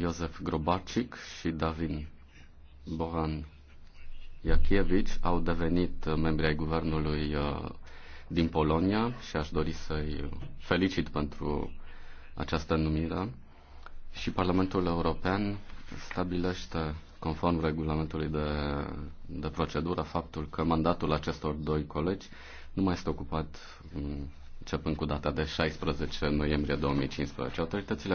Iosef Grobacic și Davin Bohan Iachievici au devenit membri ai guvernului uh, din Polonia și aș dori să-i felicit pentru această numire. Și Parlamentul European stabilește, conform regulamentului de, de procedură, faptul că mandatul acestor doi colegi nu mai este ocupat mm, începând cu data de 16 noiembrie 2015. Autoritățile